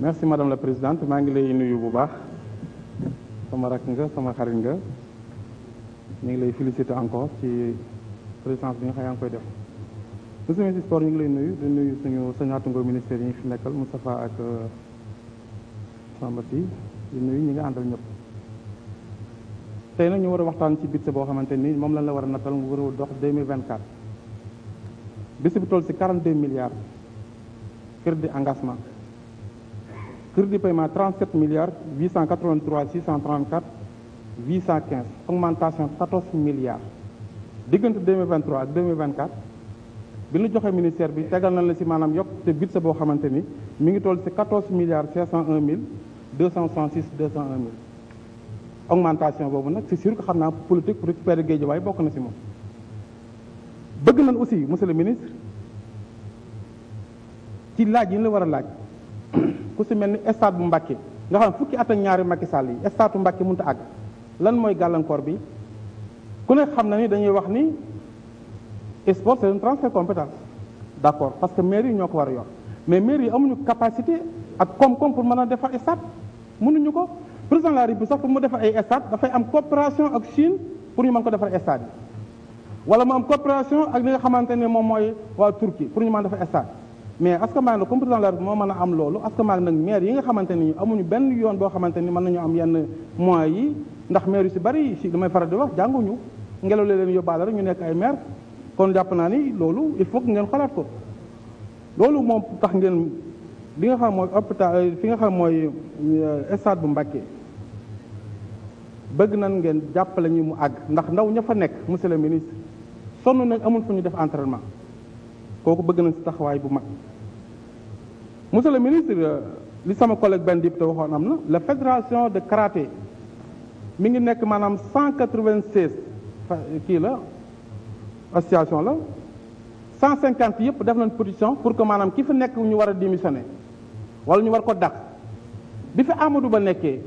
merci madame la présidente maa ngi lay nuyu bu baax sama rakk nga sama xarit nga mu ngi lay féliciter encore ci présidence bi nga xam yaa ngi koy def monsieur ministre sport ñu ngi lay nuyu di nuyu suñu sa ñaatungo ministère yi ñu fi nekkal Moustapha ak euh, Sambati di nuyu ñi ngi àndal ñëpp tey nag ñu war a waxtaan ci budget boo xamante ni moom lañ la war a nattal mu war a dox 2024 bis bi toll si 42 milliards crédit d'engagement crédit de paiement 37 milliards 883 634 815 augmentation 14 milliards diggante 2023 ak 2024 bi ñu joxe ministère bi tegal na la si maanaam yokk te bit sa boo xamante ni mi ngi toll si 14 milliards 501 mille 266 201 mille augmentation boobu nag c'est sûr xam naa politique pour récupérer Guédiawaye bokk na si moom bëgg nañ aussi monsieur le ministre ci laaj yi ñu la war a laaj ku si mel ni stade bu Mbàkke nga xam fukki at ak ñaari Macky Sall yi stade bu Mbàkke mënut a àgg lan mooy gàllankoor bi ku ne xam na ni dañuy wax ni sport c'est un transfert compétence d'accord parce que maire yi ñoo ko war a yor mais maire yi amuñu capacité ak koom-koom pour mën a defar stade mënuñu ko président de la République sax pour mu defar ay stade dafay am coopération ak Chine pour ñu mën ko defar stade yi wala mu am coopération ak li nga xamante ne moom mooy waa Turquie pour ñu mën defar stade mais askan baa nag comme président de la République moo mën a am loolu askan baa nag maire yi nga xamante ni amuñu benn yoon boo xamante ni mën nañu am yenn moyens yi ndax maire yu si bari damay faral di wax jànguñu ngelaw li leen yóbbaale rek ñu nekk ay maire kon jàpp naa ni loolu il faut que ngeen xalaat ko loolu moom tax ngeen li nga xam mooy hôpital fi nga xam mooy euh, stade bu Mbacké bëgg nan ngeen jàppale ñu mu àgg ndax ndaw ña fa nekk monsieur le ministre sonn nañ amul fu ñu def entraînement kooku bëgg nañ si taxawaay bu mag monsieur le ministre euh, li sama collègue benn député waxoon am na la fédération de karaté mi ngi nekk maanaam 196 kii la association la 150 yëpp def nañ pétition pour que maanaam ki fi nekk ñu war a démissionner wala ñu war ko dàq bi fi Amadou Ba nekkee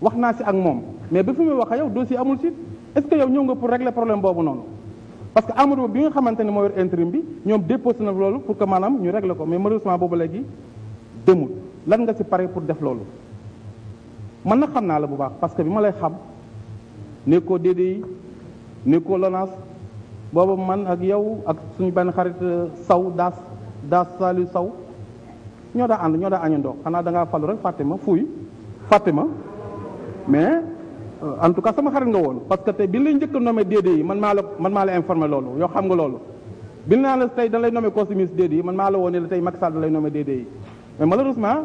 wax naa si ak moom mais bi fi muy wax yow dossier amul si est-ce que yow ñëw nga pour régler problème boobu noonu parce que Amadou bi nga xamante ne moo yor intérim bi ñoom déposé na loolu pour que maanaam ñu régler ko mais malheureusement boobu léegi demul lan nga si pare pour def loolu man na xam naa la bu baax parce que bi ma lay xam nekkoo DDI nekkoo LONASE booba man ak yow ak suñu benn xarit euh, saw daas daas Saliou saw ñoo daa ànd ñoo daa añandoo xanaa da ngaa falu rek fàtte ma fuuy fàtte ma mais en tout cas sama xarit nga woon parce que tey bi lay njëkk a nommé DD yi man maa la man maa la informé loolu yow xam nga loolu bi naa tey da lay nommé conseil yi man maa la woon ne la tey Macky Sall da lay nommé yi mais man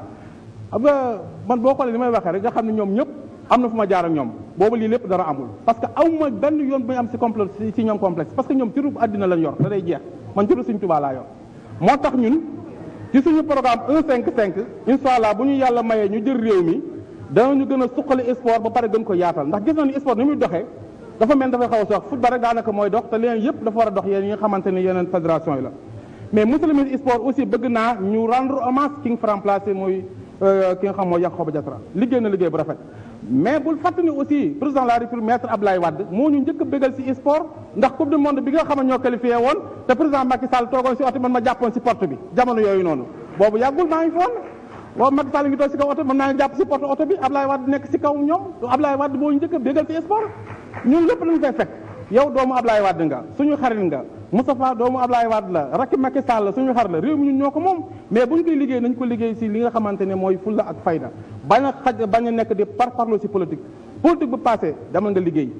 boo xoolee li may waxee rek nga xam ne ñoom ñëpp am na fu ma jaar ak ñoom boobu lii lépp dara amul parce que awma benn yoon bu ñu am si complexe si ñoom complexe parce que ñoom ci rub àddina lañ yor da day jeex man ci rub danañu gën a suqali sport ba pare gën ko yaatal ndax gis nañu sport ni muy doxee dafa mel dafa xaw a soox football rek daanaka mooy dox te leen yëpp dafa war a dox yéen yi nga yeneen fédération yi la mais muslimin sport aussi bëgg naa ñu rendre hommage ki nga fa remplacé muy euh, ki nga xam mooy Yankhoba Diattara liggéey na liggéey bu rafet mais bul fàttali aussi président de la république maître Abdoulaye Wade moo ñu njëkk a bégal sport ndax coupe du xam ne ñoo qualifié woon te président Macky Sall loolu Macky Sall ngi toog si kaw oto bi mën naa jàpp si porte oto bi Ablaye Wade nekk si kaw ñoom Ablaye Wade moo ñu njëkk a bégal ci sport ñun lépp lañ fay fekk yow doomu Ablaye Wade nga suñu xarit nga Moustapha doomu Ablaye Wade la rakki Macky la suñu xar la réew mi ñun ñoo ko moom mais bu ñu koy liggéey nañ ko liggéey si li nga xamante ne mooy fulla ak fayda bañ a xaj bañ a nekk di par parlo si politique politique bu passé demal liggéey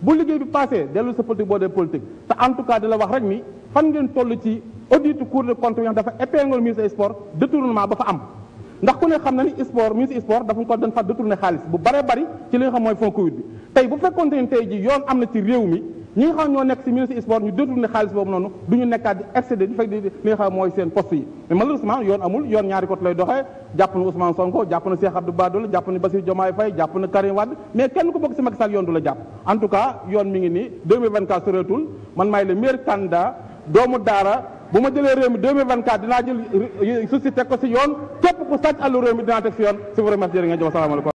bu liggéey bi passé dellu sa politique boo dee wax rek ni fan ngeen toll ci audit ba fa am ndax ku ne xam na ni sport ministre sport dafa ko doon fa détourné xaalis bu bare bari ci li nga xam mooy fond Covid bi tey bu fekkonte ni tey ji yoon am na ci réew mi ñi nga xam ñoo nekk ci ministre sport ñu détourné xaalis boobu noonu du ñu nekkaat di excédé di fekk li nga xam mooy seen poste yi mais malheureusement yoon amul yoon ñaari côté lay doxee jàpp na Ousmane Sonko jàpp na Cheikh Abdou Bara Dolly jàpp na Bassirou du la jàpp en tout cas yoon mi ngi nii 2024 bu ma jëlee réew mi 2024 dinaa jël société teg ko si yoon képp ku sàcc àllu réew mi dinaa teg si yoon su vraiment jërë ngeen jëf asalaamaaleykum